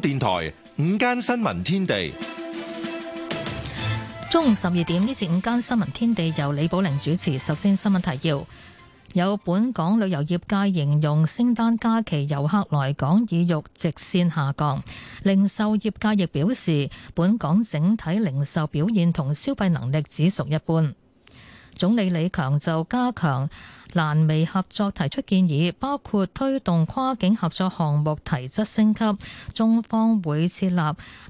電台午間新聞天地，中午十二點，呢節午間新聞天地由李寶玲主持。首先新聞提要，有本港旅遊業界形容聖誕假期遊客來港意欲直線下降，零售業界亦表示本港整體零售表現同消費能力只屬一般。總理李強就加強。瀾湄合作提出建議，包括推動跨境合作項目提質升級，中方會設立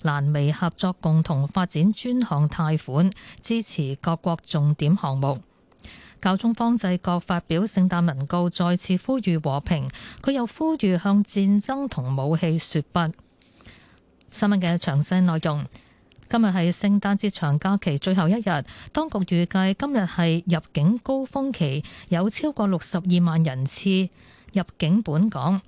瀾湄合作共同發展專項貸款，支持各國重點項目。教宗方濟各發表聖誕文告，再次呼籲和平。佢又呼籲向戰爭同武器說不。新聞嘅詳細內容。今日係聖誕節長假期最後一日，當局預計今日係入境高峰期，有超過六十二萬人次入境本港。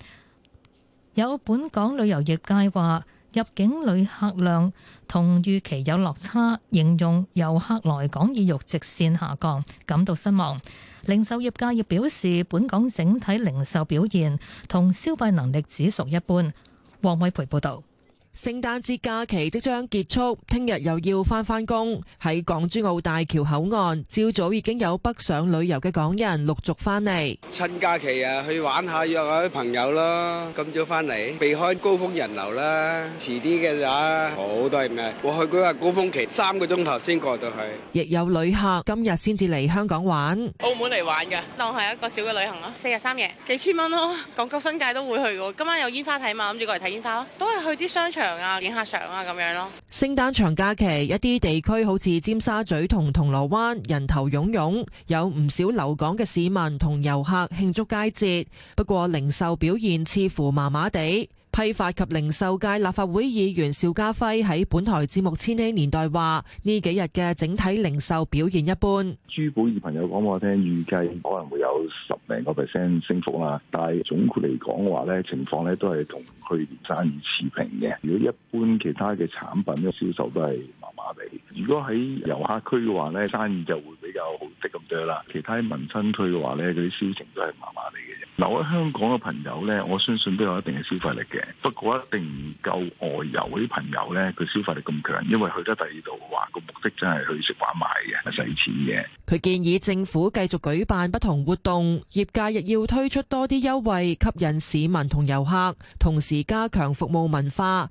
有本港旅遊業界話，入境旅客量同預期有落差，形容遊客來港意欲直線下降，感到失望。零售業界亦表示，本港整體零售表現同消費能力只屬一般。黃偉培報導。聖誕節假期即將結束，聽日又要翻翻工。喺港珠澳大橋口岸，朝早已經有北上旅遊嘅港人陸續翻嚟。趁假期啊，去玩下，約下啲朋友咯。咁早翻嚟，避開高峰人流啦。遲啲嘅咋，好多人嘅。我去嗰日高峰期，三個鐘頭先過到去。亦有旅客今日先至嚟香港玩，澳門嚟玩嘅，當係一個小嘅旅行咯。四日三夜，幾千蚊咯。港九新界都會去嘅，今晚有煙花睇嘛，諗住過嚟睇煙花咯。都係去啲商場。場啊，影下相啊，咁樣咯。聖誕長假期，一啲地區好似尖沙咀同銅鑼灣人頭湧湧，有唔少留港嘅市民同遊客慶祝佳節。不過零售表現似乎麻麻地。批發及零售界立法會議員邵家輝喺本台節目《千禧年代》話：呢幾日嘅整體零售表現一般。珠寶業朋友講我聽，預計可能會有十零個 percent 升幅啦。但係總括嚟講嘅話咧，情況咧都係同去年生意持平嘅。如果一般其他嘅產品嘅銷售都係麻麻地。如果喺遊客區嘅話咧，生意就會比較好啲咁多啦。其他民生區嘅話咧，嗰啲銷情都係麻麻地。留喺香港嘅朋友呢，我相信都有一定嘅消費力嘅，不過一定唔夠外遊啲朋友呢，佢消費力咁強，因為去得第二度話個目的真係去食玩買嘅，使錢嘅。佢建議政府繼續舉辦不同活動，業界亦要推出多啲優惠，吸引市民同遊客，同時加強服務文化。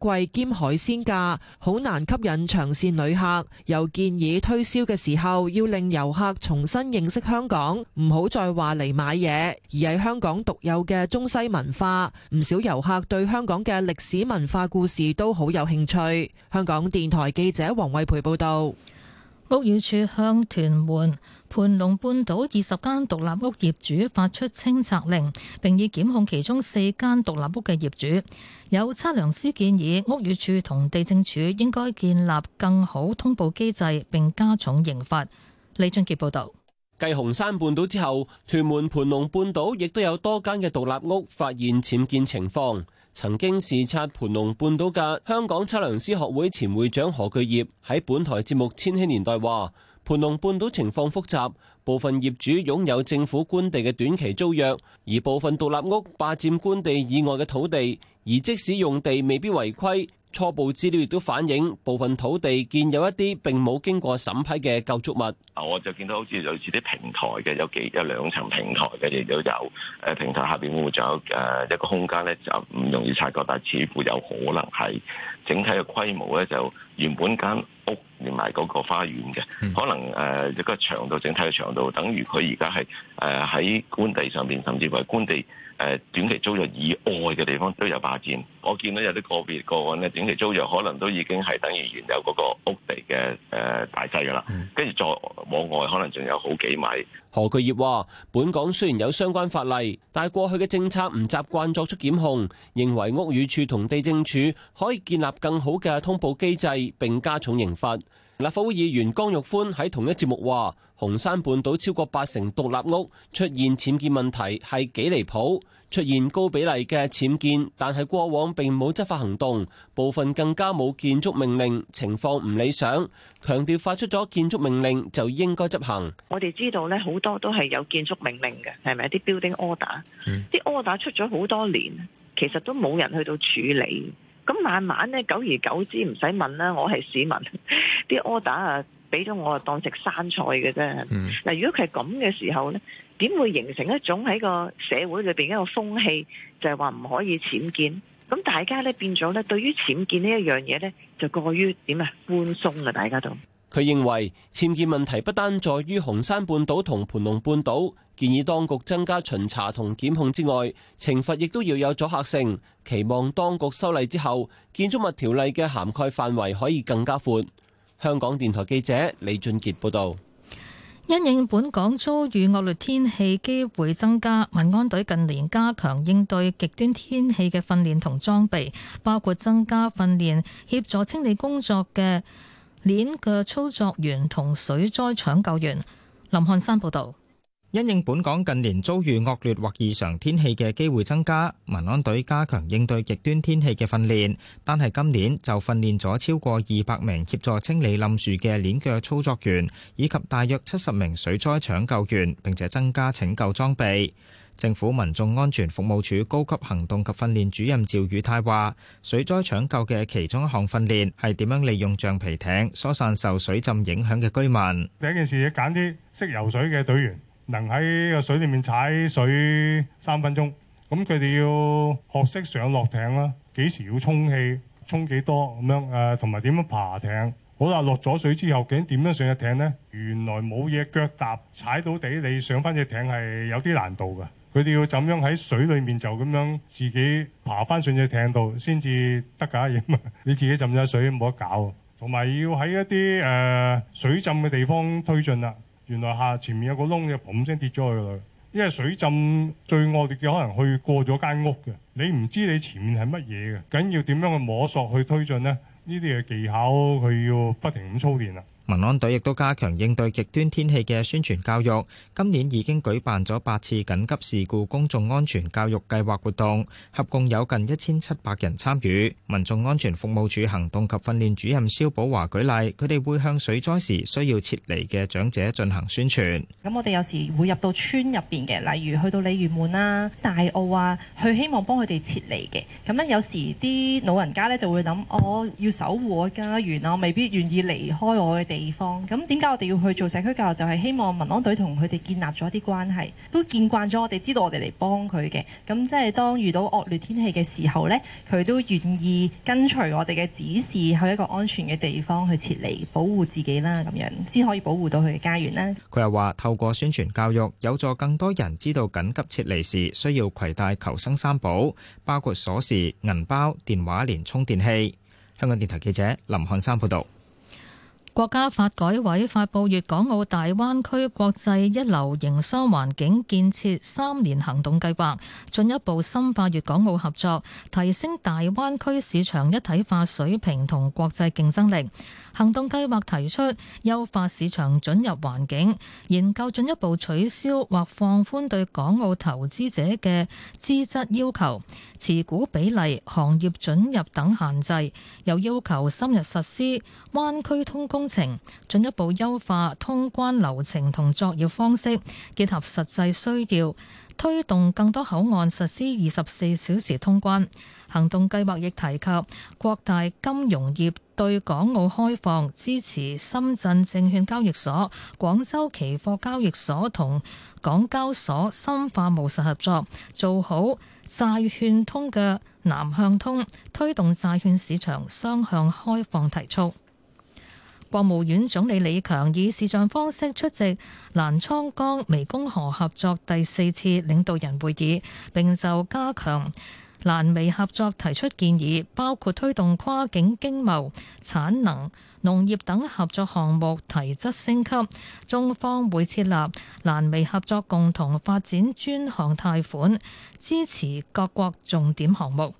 貴兼海鮮價，好難吸引長線旅客。又建議推銷嘅時候，要令遊客重新認識香港，唔好再話嚟買嘢，而係香港獨有嘅中西文化。唔少遊客對香港嘅歷史文化故事都好有興趣。香港電台記者黃慧培報道。屋宇署向屯門盤龍半島二十間獨立屋業主發出清拆令，並已檢控其中四間獨立屋嘅業主。有測量師建議屋宇署同地政處應該建立更好通報機制，並加重刑罰。李俊傑報道。繼紅山半島之後，屯門盤龍半島亦都有多間嘅獨立屋發現僭建情況。曾經視察盤龍半島嘅香港測量師學會前會長何巨業喺本台節目《千禧年代》話：盤龍半島情況複雜，部分業主擁有政府官地嘅短期租約，而部分獨立屋霸佔官地以外嘅土地，而即使用地未必違規。初步資料亦都反映部分土地建有一啲並冇經過審批嘅構築物。嗱，我就見到好似類似啲平台嘅，有幾有兩層平台嘅亦都有。誒， 平台下邊會仲有誒一個空間咧，就唔容易察覺，但係似乎有可能係整體嘅規模咧，就原本間屋連埋嗰個花園嘅，可能誒一個長度，整體嘅長度，等於佢而家係誒喺官地上面，甚至為官地。誒短期租約以外嘅地方都有霸佔，我見到有啲個別個案咧，短期租約可能都已經係等於原有嗰個屋地嘅誒大細㗎啦，跟住再往外可能仲有好幾米。何巨業話：本港雖然有相關法例，但係過去嘅政策唔習慣作出檢控，認為屋宇署同地政署可以建立更好嘅通報機制並加重刑罰。立法會議員江玉歡喺同一節目話。紅山半島超過八成獨立屋出現僭建問題，係幾離譜，出現高比例嘅僭建，但係過往並冇執法行動，部分更加冇建築命令，情況唔理想。強調發出咗建築命令就應該執行。我哋知道咧，好多都係有建築命令嘅，係咪？啲 building order，啲 order 出咗好多年，其實都冇人去到處理。咁慢慢咧，久而久之唔使問啦，我係市民，啲 order 啊，俾咗我啊當食生菜嘅啫。嗯、嗱，如果佢係咁嘅時候咧，點會形成一種喺個社會裏邊一個風氣，就係話唔可以僭建。咁大家咧變咗咧，對於僭建呢一樣嘢，咧就過於點啊寬鬆啊，大家都。佢認為僭建問題不單在於紅山半島同盤龍半島。建議當局增加巡查同檢控之外，懲罰亦都要有阻嚇性。期望當局修例之後，建築物條例嘅涵蓋範圍可以更加寬。香港電台記者李俊傑報道。因應本港遭遇惡劣天氣機會增加，民安隊近年加強應對極端天氣嘅訓練同裝備，包括增加訓練協助清理工作嘅鏈鋸操作員同水災搶救員。林漢山報道。因應本港近年遭遇惡劣或異常天氣嘅機會增加，民安隊加強應對極端天氣嘅訓練。但係今年就訓練咗超過二百名協助清理冧樹嘅鏈鋸操作員，以及大約七十名水災搶救員，並且增加拯救裝備。政府民眾安全服務處高級行動及訓練主任趙宇泰話，水災搶救嘅其中一項訓練係點樣利用橡皮艇疏散受水浸影響嘅居民。第一件事要揀啲識游水嘅隊員。能喺個水裡面踩水三分鐘，咁佢哋要學識上落艇啦。幾時要充氣？充幾多咁樣？誒、呃，同埋點樣爬艇？好啦，落咗水之後，究竟點樣上隻艇咧？原來冇嘢腳踏踩到地，你上翻隻艇係有啲難度㗎。佢哋要怎樣喺水裡面就咁樣自己爬翻上隻艇度先至得㗎嘢嘛？你自己浸咗水冇得搞，同埋要喺一啲誒、呃、水浸嘅地方推進啦。原來下前面有個窿，就砰聲跌咗去，因為水浸最惡劣嘅，可能去過咗間屋嘅，你唔知你前面係乜嘢嘅，緊要點樣去摸索去推進咧？呢啲嘅技巧佢要不停咁操練啦。民安隊亦都加強應對極端天氣嘅宣傳教育，今年已經舉辦咗八次緊急事故公眾安全教育計劃活動，合共有近一千七百人參與。民眾安全服務處行動及訓練主任蕭寶華舉例，佢哋會向水災時需要撤離嘅長者進行宣傳。咁我哋有時會入到村入邊嘅，例如去到鯉魚門啊、大澳啊，去希望幫佢哋撤離嘅。咁呢，有時啲老人家呢就會諗，我、哦、要守護我家園啊，我未必願意離開我嘅地方咁，點解我哋要去做社區教育？就係希望民安隊同佢哋建立咗一啲關係，都見慣咗我哋，知道我哋嚟幫佢嘅。咁即係當遇到惡劣天氣嘅時候，呢佢都願意跟隨我哋嘅指示，去一個安全嘅地方去撤離，保護自己啦，咁樣先可以保護到佢嘅家園。呢佢又話，透過宣傳教育，有助更多人知道緊急撤離時需要攜帶求生三寶，包括鎖匙、銀包、電話，連充電器。香港電台記者林漢山報道。國家發改委發布《粵港澳大灣區國際一流營商環境建設三年行動計劃》，進一步深化粵港澳合作，提升大灣區市場一體化水平同國際競爭力。行動計劃提出優化市場准入環境，研究進一步取消或放寬對港澳投資者嘅資質要求、持股比例、行業准入等限制，又要求深入實施灣區通工。工程進一步優化通關流程同作業方式，結合實際需要推動更多口岸實施二十四小時通關。行動計劃亦提及各大金融業對港澳開放，支持深圳證券交易所、廣州期貨交易所同港交所深化務實合作，做好債券通嘅南向通，推動債券市場雙向開放提速。國務院總理李強以視像方式出席瀾滄江湄公河合作第四次領導人會議，並就加強瀾湄合作提出建議，包括推動跨境經貿、產能、農業等合作項目提質升級，中方會設立瀾湄合作共同發展專項貸款，支持各國重點項目。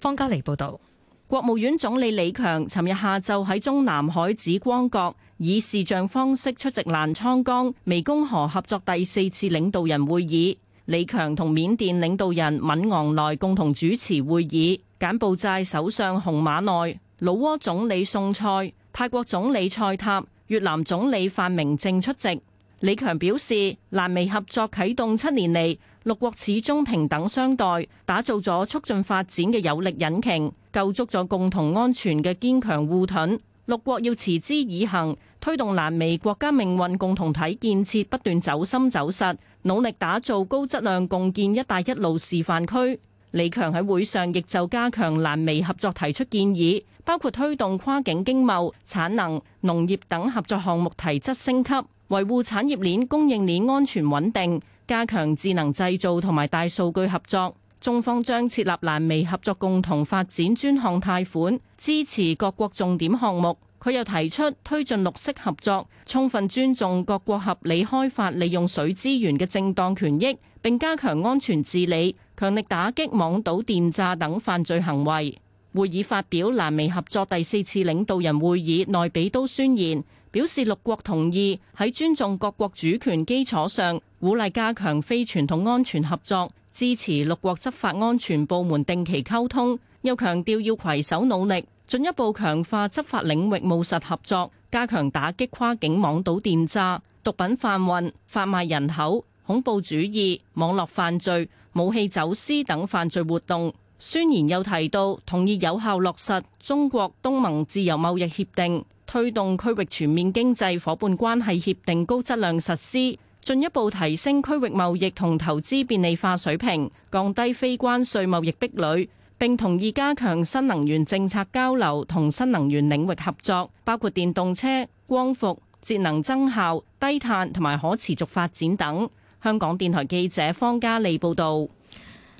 方家莉報道。國務院總理李強尋日下晝喺中南海紫光閣以視像方式出席瀾滄江湄公河合作第四次領導人會議，李強同緬甸領導人敏昂萊共同主持會議，柬埔寨首相洪馬內、老撾總理宋賽、泰國總理賽塔、越南總理范明政出席。李強表示，瀾湄合作啟動七年嚟。六國始終平等相待，打造咗促進發展嘅有力引擎，構築咗共同安全嘅堅強護盾。六國要持之以恒，推動南美國家命運共同體建設不斷走深走實，努力打造高質量共建“一帶一路”示範區。李強喺會上亦就加強南美合作提出建議，包括推動跨境經貿、產能、農業等合作項目提質升級，維護產業鏈、供應鏈安全穩定。加強智能製造同埋大數據合作，中方將設立瀾湄合作共同發展專項貸款，支持各國重點項目。佢又提出推進綠色合作，充分尊重各國合理開發利用水資源嘅正當權益，並加強安全治理，強力打擊網賭、電詐等犯罪行為。會議發表瀾湄合作第四次領導人會議內比都宣言。表示六國同意喺尊重各國主權基礎上，鼓勵加強非傳統安全合作，支持六國執法安全部門定期溝通，又強調要攜手努力，進一步強化執法領域務實合作，加強打擊跨境網賭、電詐、毒品販運、販賣人口、恐怖主義、網絡犯罪、武器走私等犯罪活動。宣言又提到，同意有效落實中國東盟自由貿易協定。推動區域全面經濟伙伴關係協定高質量實施，進一步提升區域貿易同投資便利化水平，降低非關稅貿易壁壘。並同意加強新能源政策交流同新能源領域合作，包括電動車、光伏、節能增效、低碳同埋可持續發展等。香港電台記者方嘉利報導。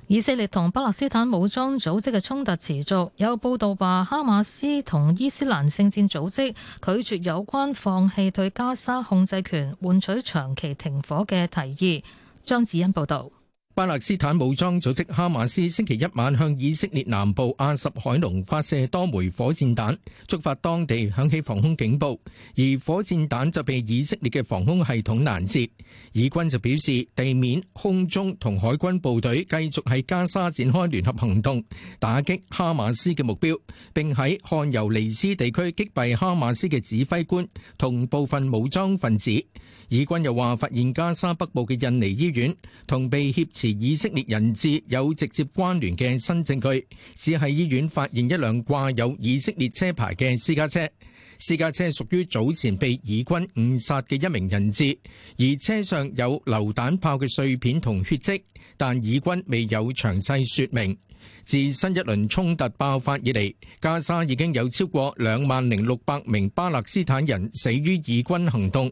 以色列同巴勒斯坦武裝組織嘅衝突持續，有報道話哈馬斯同伊斯蘭聖戰組織拒絕有關放棄對加沙控制權換取長期停火嘅提議。張子欣報導。巴勒斯坦武裝組織哈馬斯星期一晚向以色列南部亞實海龍發射多枚火箭彈，觸發當地響起防空警報，而火箭彈就被以色列嘅防空系統攔截。以軍就表示，地面、空中同海軍部隊繼續喺加沙展開聯合行動，打擊哈馬斯嘅目標，並喺漢尤尼斯地區擊斃哈馬斯嘅指揮官同部分武裝分子。以軍又話發現加沙北部嘅印尼醫院同被挾持以色列人質有直接關聯嘅新證據，只係醫院發現一輛掛有以色列車牌嘅私家車，私家車屬於早前被以軍誤殺嘅一名人質，而車上有榴彈炮嘅碎片同血跡，但以軍未有詳細説明。自新一輪衝突爆發以嚟，加沙已經有超過兩萬零六百名巴勒斯坦人死於以軍行動。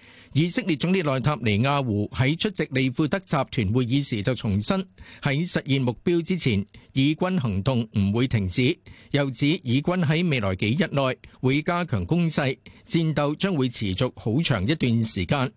以色列總理內塔尼亞胡喺出席利庫德集團會議時就重申，喺實現目標之前，以軍行動唔會停止。又指以軍喺未來幾日內會加強攻勢，戰鬥將會持續好長一段時間。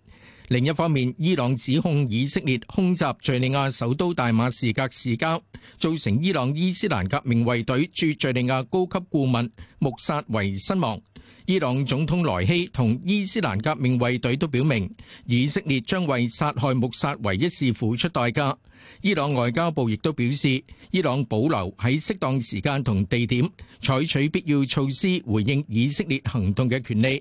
另一方面，伊朗指控以色列空襲敍利亞首都大馬士革市郊，造成伊朗伊斯蘭革命衛隊駐敍利亞高級顧問穆薩維身亡。伊朗總統萊希同伊斯蘭革命衛隊都表明，以色列將為殺害穆薩維一事付出代價。伊朗外交部亦都表示，伊朗保留喺適當時間同地點採取必要措施回應以色列行動嘅權利。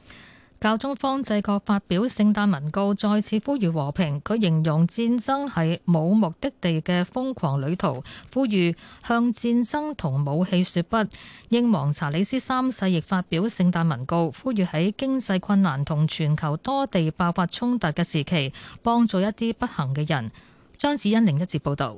教宗方濟各發表聖誕文告，再次呼籲和平。佢形容戰爭係冇目的地嘅瘋狂旅途，呼籲向戰爭同武器說不。英王查理斯三世亦發表聖誕文告，呼籲喺經濟困難同全球多地爆發衝突嘅時期，幫助一啲不幸嘅人。張子欣另一節報道。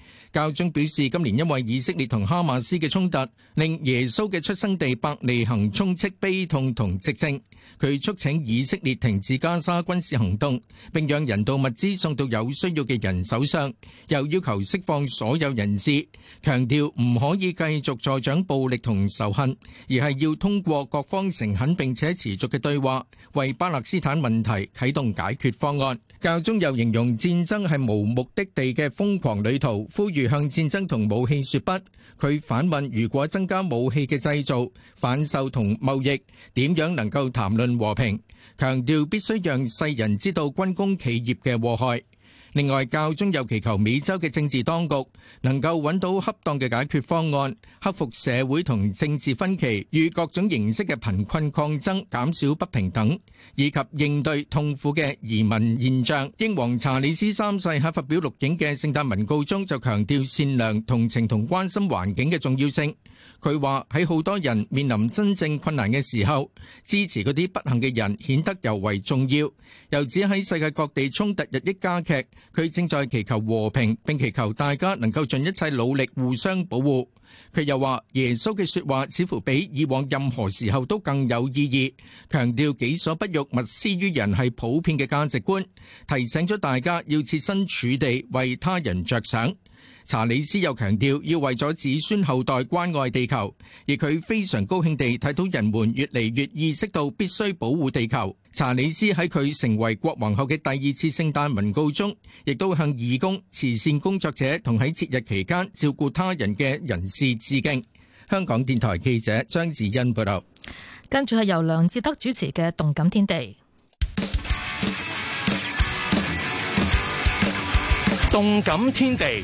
教宗表示，今年因為以色列同哈馬斯嘅衝突，令耶穌嘅出生地伯利恒充斥悲痛同絕症。佢促請以色列停止加沙軍事行動，並讓人道物資送到有需要嘅人手上，又要求釋放所有人質，強調唔可以繼續助長暴力同仇恨，而係要通過各方誠懇並且持續嘅對話，為巴勒斯坦問題啟動解決方案。教宗又形容戰爭係無目的地嘅瘋狂旅途，呼籲，如向戰爭同武器說不，佢反問：如果增加武器嘅製造、販售同貿易，點樣能夠談論和平？強調必須讓世人知道軍工企業嘅禍害。另外，教宗又祈求美洲嘅政治當局能夠揾到恰當嘅解決方案，克服社會同政治分歧，與各種形式嘅貧困抗爭，減少不平等，以及應對痛苦嘅移民現象。英皇查理斯三世喺發表錄影嘅聖誕文告中就強調善良、同情同關心環境嘅重要性。佢話喺好多人面臨真正困難嘅時候，支持嗰啲不幸嘅人顯得尤為重要。又指喺世界各地衝突日益加劇。佢正在祈求和平，並祈求大家能夠盡一切努力互相保護。佢又話，耶穌嘅說話似乎比以往任何時候都更有意義，強調己所不欲勿施於人係普遍嘅價值觀，提醒咗大家要設身處地為他人着想。查理斯又強調要為咗子孫後代關愛地球，而佢非常高興地睇到人們越嚟越意識到必須保護地球。查理斯喺佢成為國王後嘅第二次聖誕文告中，亦都向義工、慈善工作者同喺節日期間照顧他人嘅人士致敬。香港電台記者張智欣報道。跟住係由梁智德主持嘅《動感天地》，動感天地。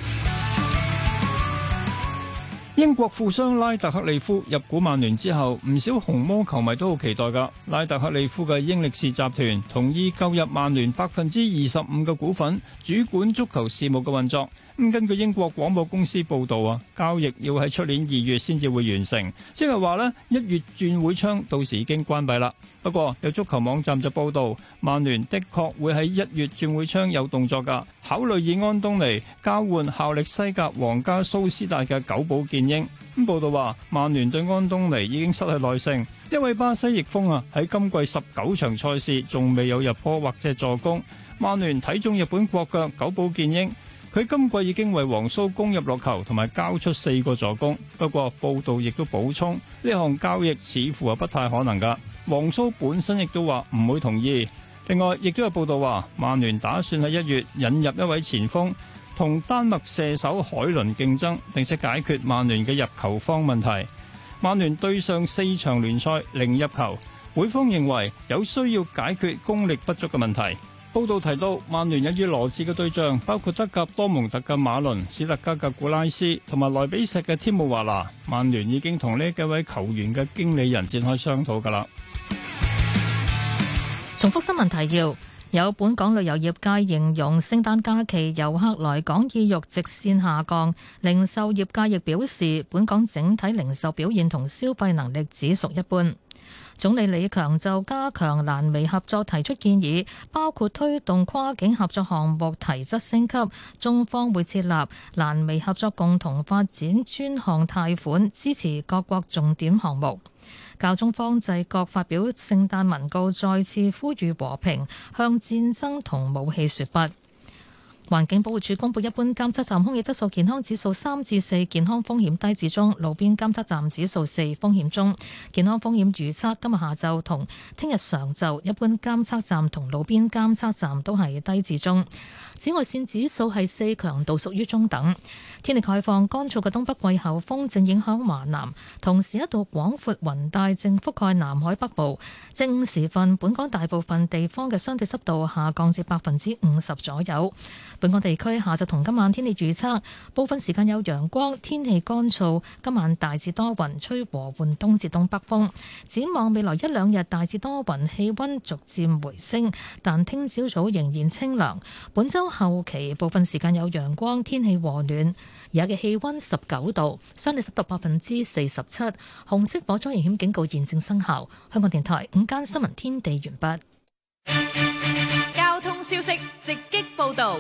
英國富商拉特克利夫入股曼聯之後，唔少紅魔球迷都好期待㗎。拉特克利夫嘅英力士集團同意購入曼聯百分之二十五嘅股份，主管足球事務嘅運作。咁根據英國廣播公司報道啊，交易要喺出年二月先至會完成，即係話咧一月轉會窗到時已經關閉啦。不過有足球網站就報道，曼聯的確會喺一月轉會窗有動作㗎，考慮以安東尼交換效力西甲皇家蘇斯達嘅久保建英。咁報道話，曼聯對安東尼已經失去耐性，因為巴西翼鋒啊喺今季十九場賽事仲未有入波或者助攻。曼聯睇中日本國腳久保建英。佢今季已經為皇蘇攻入落球同埋交出四個助攻，不過報道亦都補充呢項交易似乎係不太可能㗎。皇蘇本身亦都話唔會同意。另外，亦都有報道話，曼聯打算喺一月引入一位前鋒，同丹麥射手海倫競爭，並且解決曼聯嘅入球方問題。曼聯對上四場聯賽零入球，會方認為有需要解決功力不足嘅問題。報道提到，曼聯引援羅致嘅對象包括德甲多蒙特嘅馬倫、史特加嘅古拉斯同埋萊比錫嘅天慕華拿。曼聯已經同呢幾位球員嘅經理人展開商討噶啦。重複新聞提要：有本港旅遊業界形容聖誕假期遊客來港意欲直線下降，零售業界亦表示本港整體零售表現同消費能力只屬一般。總理李強就加強瀾湄合作提出建議，包括推動跨境合作項目提質升級，中方會設立瀾湄合作共同發展專項貸款，支持各國重點項目。教宗方濟各發表聖誕文告，再次呼籲和平，向戰爭同武器說不。環境保護署公布一般監測站空氣質素健康指數三至四，健康風險低至中；路邊監測站指數四，風險中。健康風險預測今日下晝同聽日上晝，一般監測站同路邊監測站都係低至中。紫外綫指數係四，強度屬於中等。天氣開放，乾燥嘅東北季候風正影響華南，同時一道廣闊雲帶正覆蓋南海北部。正午時分，本港大部分地方嘅相對濕度下降至百分之五十左右。本港地區下晝同今晚天氣預測，部分時間有陽光，天氣乾燥。今晚大致多雲，吹和緩東至東北風。展望未來一兩日大致多雲，氣温逐漸回升，但聽朝早，早仍然清涼。本周後期部分時間有陽光，天氣和暖。而家嘅氣温十九度，相對濕度百分之四十七，紅色火災危險警告現正生效。香港電台午間新聞天地完畢。消息直擊報道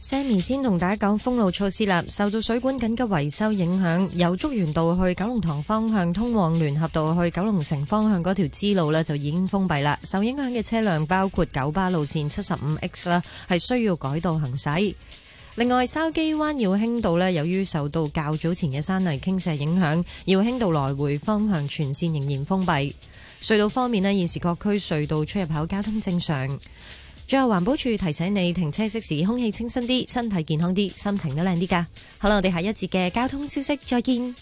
，Sammy 先同大家講封路措施啦。受到水管緊急維修影響，由竹園道去九龍塘方向，通往聯合道去九龍城方向嗰條支路呢就已經封閉啦。受影響嘅車輛包括九巴路線七十五 X 啦，係需要改道行駛。另外，筲箕灣耀興道呢由於受到較早前嘅山泥傾瀉影響，耀興道來回方向全線仍然封閉。隧道方面呢現時各區隧道出入口交通正常。最後，環保署提醒你停車適時，空氣清新啲，身體健康啲，心情都靚啲㗎。好啦，我哋下一節嘅交通消息，再見。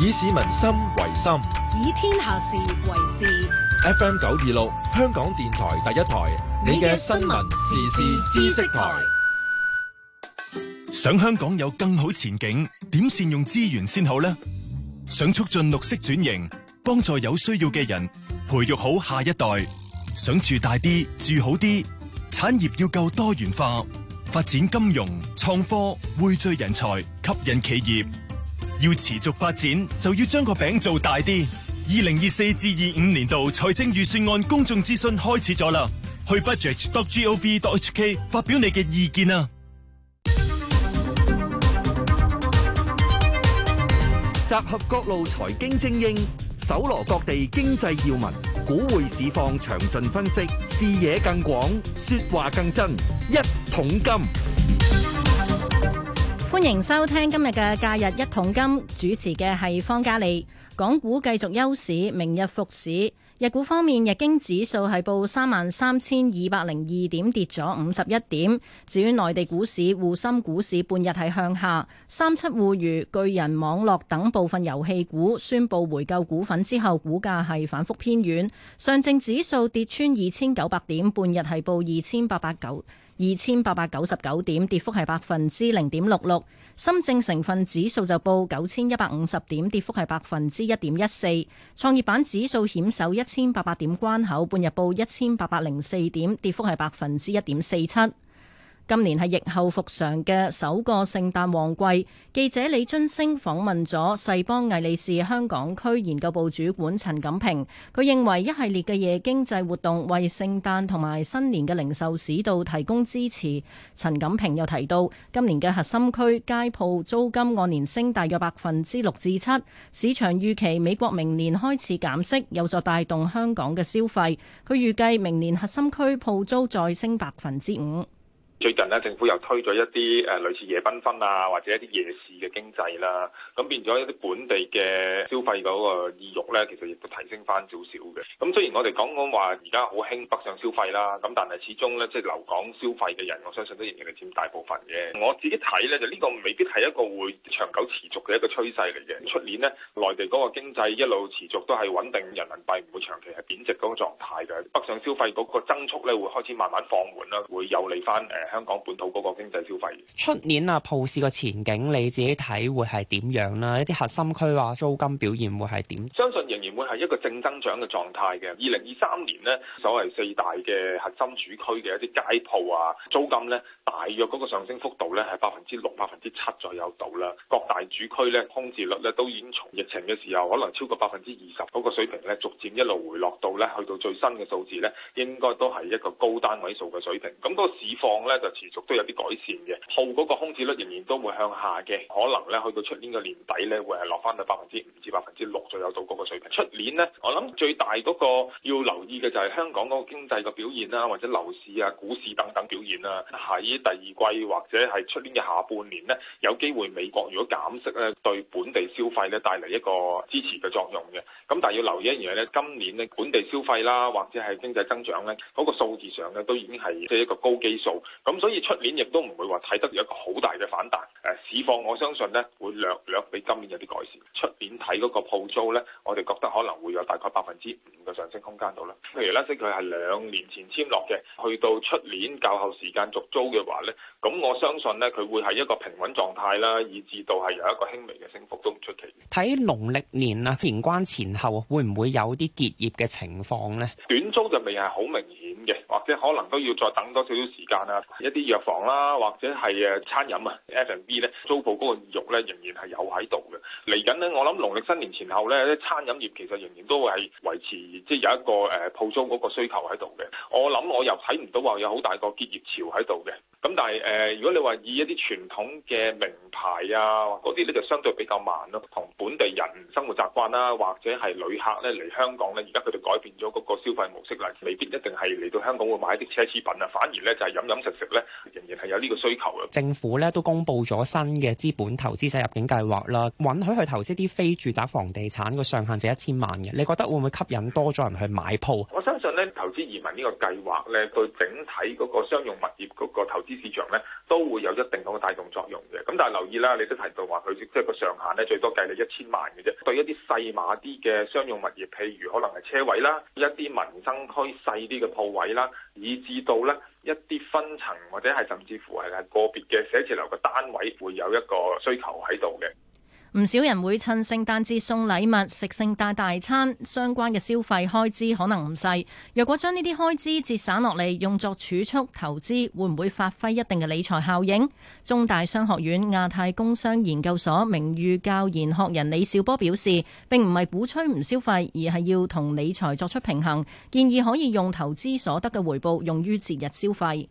以市民心為心，以天下事為事。F M 九二六，香港電台第一台，你嘅新聞時事知識台。想香港有更好前景，點善用資源先好呢？想促進綠色轉型，幫助有需要嘅人，培育好下一代。想住大啲，住好啲，產業要夠多元化，發展金融、創科、匯聚人才、吸引企業。要持續發展，就要將個餅做大啲。二零二四至二五年度財政預算案公眾諮詢開始咗啦，去 budget.gov.hk 發表你嘅意見啊！集合各路財經精英，搜羅各地經濟要聞，股匯市況詳盡分析，視野更廣，說話更真。一桶金，歡迎收聽今日嘅假日一桶金，主持嘅係方嘉利，港股繼續休市，明日復市。.日股方面，日經指數係報三萬三千二百零二點，跌咗五十一點。至於內地股市，滬深股市半日係向下，三七互娛、巨人網絡等部分遊戲股宣布回購股份之後，股價係反覆偏軟。上證指數跌穿二千九百點，半日係報二千八百九二千八百九十九點，跌幅係百分之零點六六。深證成分指數就報九千一百五十點，跌幅係百分之一點一四。創業板指數險守一千八百點關口，半日報一千八百零四點，跌幅係百分之一點四七。今年係疫後復常嘅首個聖誕旺季。記者李津星訪問咗世邦魏理仕香港區研究部主管陳錦平，佢認為一系列嘅夜經濟活動為聖誕同埋新年嘅零售市道提供支持。陳錦平又提到，今年嘅核心區街鋪租金按年升大約百分之六至七。市場預期美國明年開始減息，有助帶動香港嘅消費。佢預計明年核心區鋪租再升百分之五。最近咧，政府又推咗一啲誒類似夜繽紛啊，或者一啲夜市嘅經濟啦，咁變咗一啲本地嘅消費嗰個意欲咧，其實亦都提升翻少少嘅。咁雖然我哋講講話而家好興北上消費啦，咁但係始終咧，即係留港消費嘅人，我相信都仍然係佔大部分嘅。我自己睇咧，就呢個未必係一個會長久持續嘅一個趨勢嚟嘅。出年呢，內地嗰個經濟一路持續都係穩定，人民幣唔會長期係貶值嗰個狀態嘅。北上消費嗰個增速咧，會開始慢慢放緩啦，會有利翻誒。香港本土嗰個經濟消費，出年啊，鋪市個前景你自己睇會係點樣啦？一啲核心區話租金表現會係點，相信仍然會係一個正增長嘅狀態嘅。二零二三年咧，所謂四大嘅核心主區嘅一啲街鋪啊，租金咧大約嗰個上升幅度咧係百分之六、百分之七左右度啦。各大主區咧空置率咧都已經從疫情嘅時候可能超過百分之二十嗰個水平咧，逐漸一路回落到咧去到最新嘅數字咧，應該都係一個高單位數嘅水平。咁嗰個市況咧？就持續都有啲改善嘅，耗嗰個空置率仍然都會向下嘅，可能咧去到出年嘅年底咧會係落翻到百分之五至百分之六左右到嗰個水平。出年呢，我諗最大嗰個要留意嘅就係香港嗰個經濟嘅表現啦，或者樓市啊、股市等等表現啦、啊。喺第二季或者係出年嘅下半年呢，有機會美國如果減息咧，對本地消費咧帶嚟一個支持嘅作用嘅。咁但係要留意一樣嘢咧，今年呢本地消費啦，或者係經濟增長咧，嗰、嗰個數字上咧都已經係即係一個高基數。咁所以出年亦都唔會話睇得有一個好大嘅反彈，誒、啊、市況我相信呢會略略比今年有啲改善。出年睇嗰個鋪租呢，我哋覺得可能會有大概百分之五嘅上升空間到呢。譬如呢，即佢係兩年前簽落嘅，去到出年較後時間續租嘅話呢，咁我相信呢，佢會係一個平穩狀態啦，以至到係有一個輕微嘅升幅都唔出奇。睇農曆年啊，年關前後會唔會有啲結業嘅情況呢？短租就未係好明顯。或者可能都要再等多少少時間啦，一啲藥房啦，或者係誒餐飲啊，F&B 咧租鋪嗰個意欲咧，仍然係有喺度嘅。嚟緊呢，我諗農曆新年前後咧，啲餐飲業其實仍然都會係維持，即係有一個誒鋪租嗰個需求喺度嘅。我諗我又睇唔到話有好大個結業潮喺度嘅。咁但係誒、呃，如果你話以一啲傳統嘅名牌啊，嗰啲咧就相對比較慢咯，同本地人生活習慣啦，或者係旅客咧嚟香港咧，而家佢哋改變咗嗰個消費模式啦，未必一定係嚟。香港會買啲奢侈品啊，反而咧就係飲飲食食咧，仍然係有呢個需求嘅。政府咧都公布咗新嘅資本投資者入境計劃啦，允許佢投資啲非住宅房地產嘅上限就一千萬嘅。你覺得會唔會吸引多咗人去買鋪？我相信咧，投資移民呢個計劃咧，對整體嗰個商用物業嗰個投資市場咧，都會有一定嘅帶動作用。咁但係留意啦，你都提到話佢即係個上限咧，最多計你一千萬嘅啫。對一啲細碼啲嘅商用物業，譬如可能係車位啦，一啲民生區細啲嘅鋪位啦，以至到咧一啲分層或者係甚至乎係個別嘅寫字樓嘅單位，會有一個需求喺度嘅。唔少人會趁聖誕節送禮物、食聖誕大，大餐，相關嘅消費開支可能唔細。若果將呢啲開支節省落嚟，用作儲蓄投資，會唔會發揮一定嘅理財效應？中大商學院亞太工商研究所名譽教研學人李兆波表示，並唔係鼓吹唔消費，而係要同理財作出平衡。建議可以用投資所得嘅回報用於節日消費。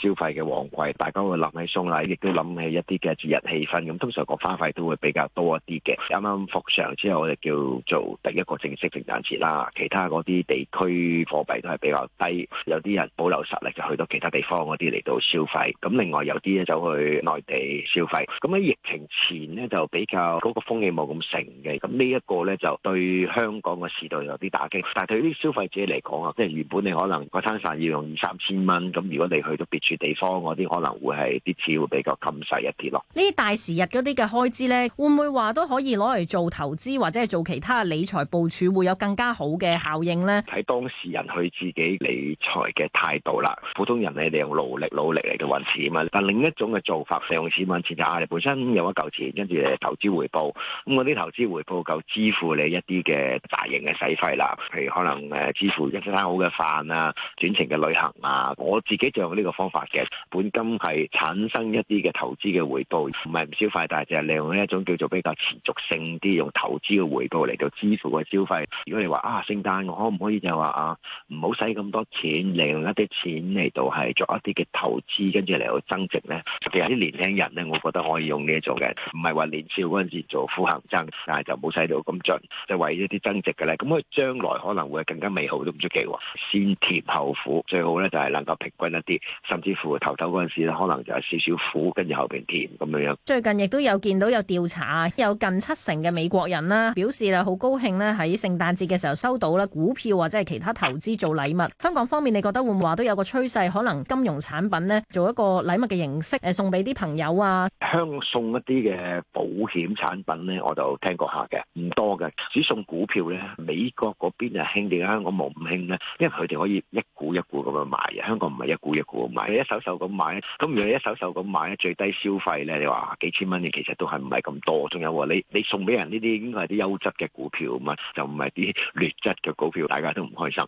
消費嘅旺季，大家會諗起送禮，亦都諗起一啲嘅節日氣氛。咁通常個花費都會比較多一啲嘅。啱啱復常之後，我哋叫做第一個正式聖誕節啦。其他嗰啲地區貨幣都係比較低，有啲人保留實力就去到其他地方嗰啲嚟到消費。咁另外有啲咧就去內地消費。咁喺疫情前咧就比較嗰、那個風氣冇咁盛嘅。咁呢一個咧就對香港嘅市道有啲打擊。但係對啲消費者嚟講啊，即係原本你可能嗰餐飯要用二三千蚊，咁如果你去到別住地方嗰啲可能會係啲錢會比較襟使一啲咯。呢啲大時日嗰啲嘅開支咧，會唔會話都可以攞嚟做投資或者係做其他嘅理財部署，會有更加好嘅效應咧？睇當事人去自己理財嘅態度啦。普通人你利用勞力、努力嚟到揾錢啊，但另一種嘅做法係用錢揾錢就係、是啊，你本身有一嚿錢跟住投資回報，咁嗰啲投資回報夠支付你一啲嘅大型嘅使費啦，譬如可能誒支付一餐好嘅飯啊、短程嘅旅行啊。我自己就用呢個方法。發嘅本金係產生一啲嘅投資嘅回報，唔係唔消費，但係就係利用呢一種叫做比較持續性啲，用投資嘅回報嚟到支付個消費。如果你話啊，聖誕我可唔可以就係話啊，唔好使咁多錢，利用一啲錢嚟到係作一啲嘅投資，跟住嚟到增值咧？其實係啲年輕人咧，我覺得可以用呢一種嘅，唔係話年少嗰陣時做苦行僧，但係就冇使到咁盡，就是、為一啲增值嘅咧。咁佢將來可能會更加美好都唔出奇。先甜後苦，最好咧就係、是、能夠平均一啲。甚至乎頭頭嗰陣時咧，可能就係少少苦，跟住後邊甜咁樣樣。最近亦都有見到有調查，有近七成嘅美國人啦表示啦好高興咧喺聖誕節嘅時候收到啦股票或者係其他投資做禮物。香港方面，你覺得會唔會話都有個趨勢，可能金融產品咧做一個禮物嘅形式，誒送俾啲朋友啊？香送一啲嘅保險產品咧，我就聽過下嘅，唔多嘅，只送股票咧。美國嗰邊就興啲，香港冇咁興啦，因為佢哋可以一股一股咁樣買，香港唔係一股一股咁買。你一手手咁買，咁如果你一手手咁買咧，最低消費咧，你話幾千蚊嘅，其實都係唔係咁多，仲有你你送俾人呢啲應該係啲優質嘅股票嘛，就唔係啲劣質嘅股票，大家都唔開心。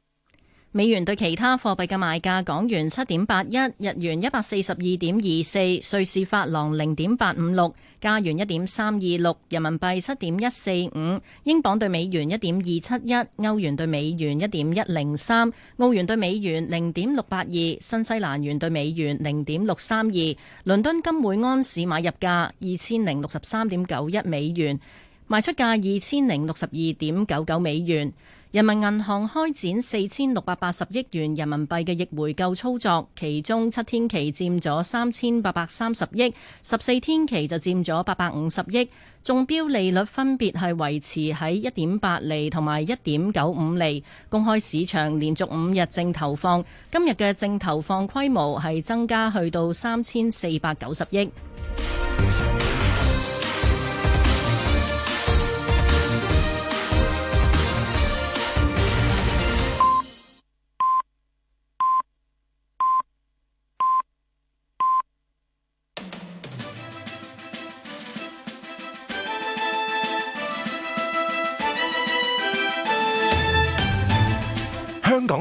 美元對其他貨幣嘅賣價：港元七點八一，日元一百四十二點二四，瑞士法郎零點八五六，加元一點三二六，人民幣七點一四五，英鎊對美元一點二七一，歐元對美元一點一零三，澳元對美元零點六八二，新西蘭元對美元零點六三二。倫敦金每安士買入價二千零六十三點九一美元，賣出價二千零六十二點九九美元。人民銀行開展四千六百八十億元人民幣嘅逆回購操作，其中七天期佔咗三千八百三十億，十四天期就佔咗八百五十億，中標利率分別係維持喺一點八厘同埋一點九五厘。公開市場連續五日正投放，今日嘅正投放規模係增加去到三千四百九十億。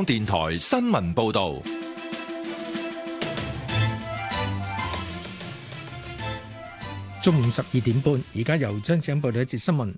電台新聞報道，中午十二點半，而家由張景報道一節新聞。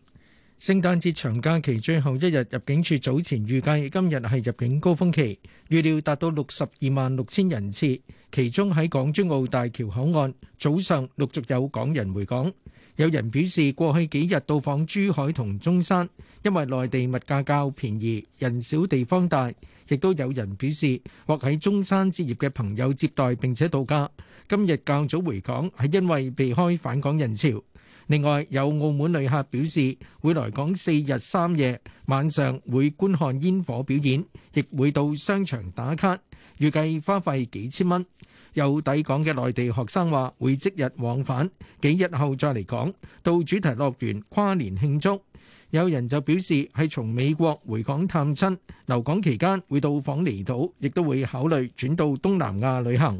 聖誕節長假期最後一日，入境處早前預計今日係入境高峯期，預料達到六十二萬六千人次。其中喺港珠澳大橋口岸早上陸續有港人回港。有人表示過去幾日到訪珠海同中山，因為內地物價較便宜，人少地方大。亦都有人表示，獲喺中山置業嘅朋友接待並且度假。今日較早回港係因為避開返港人潮。另外，有澳門旅客表示會來港四日三夜，晚上會觀看煙火表演，亦會到商場打卡，預計花費幾千蚊。有抵港嘅內地學生話會即日往返，幾日後再嚟港，到主題樂園跨年慶祝。有人就表示係從美國回港探親，留港期間會到訪離島，亦都會考慮轉到東南亞旅行。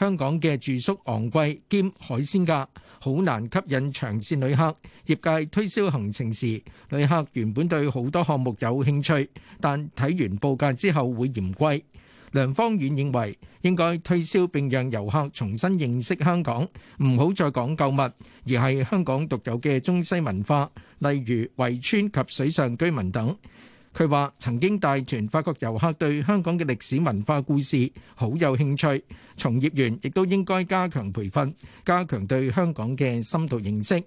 香港嘅住宿昂貴兼海鮮價，好難吸引長線旅客。業界推銷行程時，旅客原本對好多項目有興趣，但睇完報價之後會嫌貴。梁方遠認為應該推銷並讓遊客重新認識香港，唔好再講購物，而係香港獨有嘅中西文化，例如圍村及水上居民等。佢話曾經帶團發覺遊客對香港嘅歷史文化故事好有興趣，從業員亦都應該加強培訓，加強對香港嘅深度認識。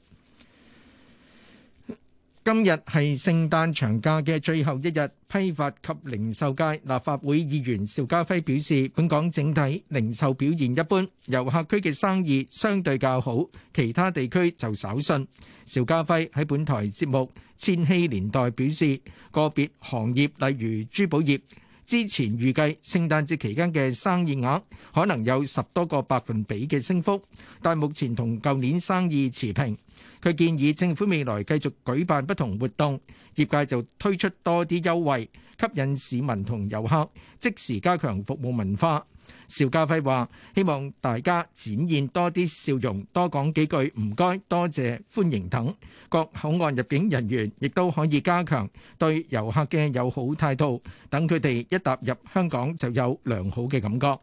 今日係聖誕長假嘅最後一日，批發及零售界立法會議員邵家輝表示，本港整體零售表現一般，遊客區嘅生意相對較好，其他地區就稍遜。邵家輝喺本台節目《千禧年代》表示，個別行業，例如珠寶業，之前預計聖誕節期間嘅生意額可能有十多個百分比嘅升幅，但係目前同舊年生意持平。佢建議政府未來繼續舉辦不同活動，業界就推出多啲優惠吸引市民同遊客，即時加強服務文化。邵家輝話：希望大家展現多啲笑容，多講幾句唔該、多謝、歡迎等。各口岸入境人員亦都可以加強對遊客嘅友好態度，等佢哋一踏入香港就有良好嘅感覺。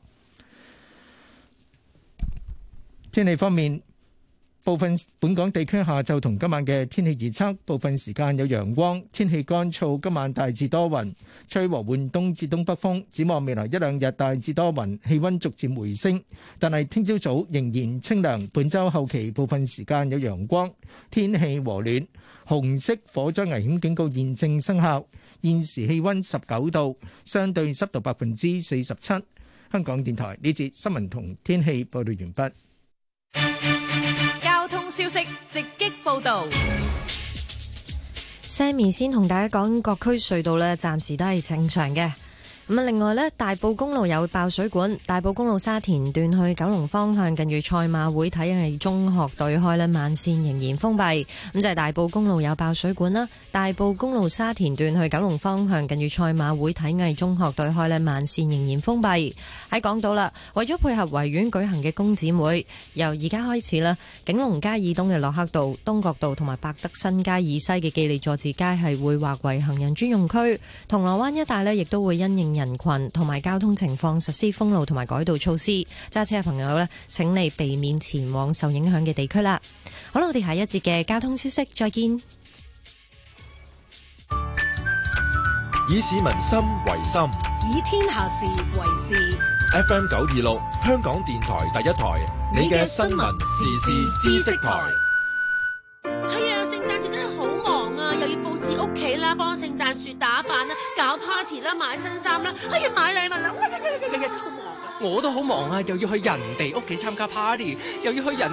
天氣方面。部分本港地區下晝同今晚嘅天氣預測，部分時間有陽光，天氣乾燥。今晚大致多雲，吹和緩東至東北風。展望未來一兩日大致多雲，氣温逐漸回升，但係聽朝早仍然清涼。本周後期部分時間有陽光，天氣和暖。紅色火災危險警告現正生效。現時氣温十九度，相對濕度百分之四十七。香港電台呢節新聞同天氣報道完畢。消息直擊報道，Sammy 先同大家講，各區隧道咧暫時都係正常嘅。咁另外呢，大埔公路有爆水管，大埔公路沙田段去九龍方向近住賽馬會體藝中學對開呢，慢綫仍然封閉。咁就係大埔公路有爆水管啦，大埔公路沙田段去九龍方向近住賽馬會體藝中學對開呢，慢綫仍然封閉。喺港島啦，為咗配合維園舉行嘅工展會，由而家開始啦，景隆街以東嘅洛克道、東角道同埋百德新街以西嘅記利佐治街係會劃為行人專用區。銅鑼灣一帶呢，亦都會因應。人群同埋交通情況實施封路同埋改道措施，揸車嘅朋友咧，請你避免前往受影響嘅地區啦。好啦，我哋下一節嘅交通消息再見。以市民心為心，以天下事為事。FM 九二六，香港電台第一台，你嘅新聞時事知識台。係啊，聖誕節。聖誕樹打扮啦，搞 party 啦，哎，買新衫啦，哎呀買禮物啦，日日真係好忙啊！我都好忙啊，又要去人哋屋企參加 party，又要去人。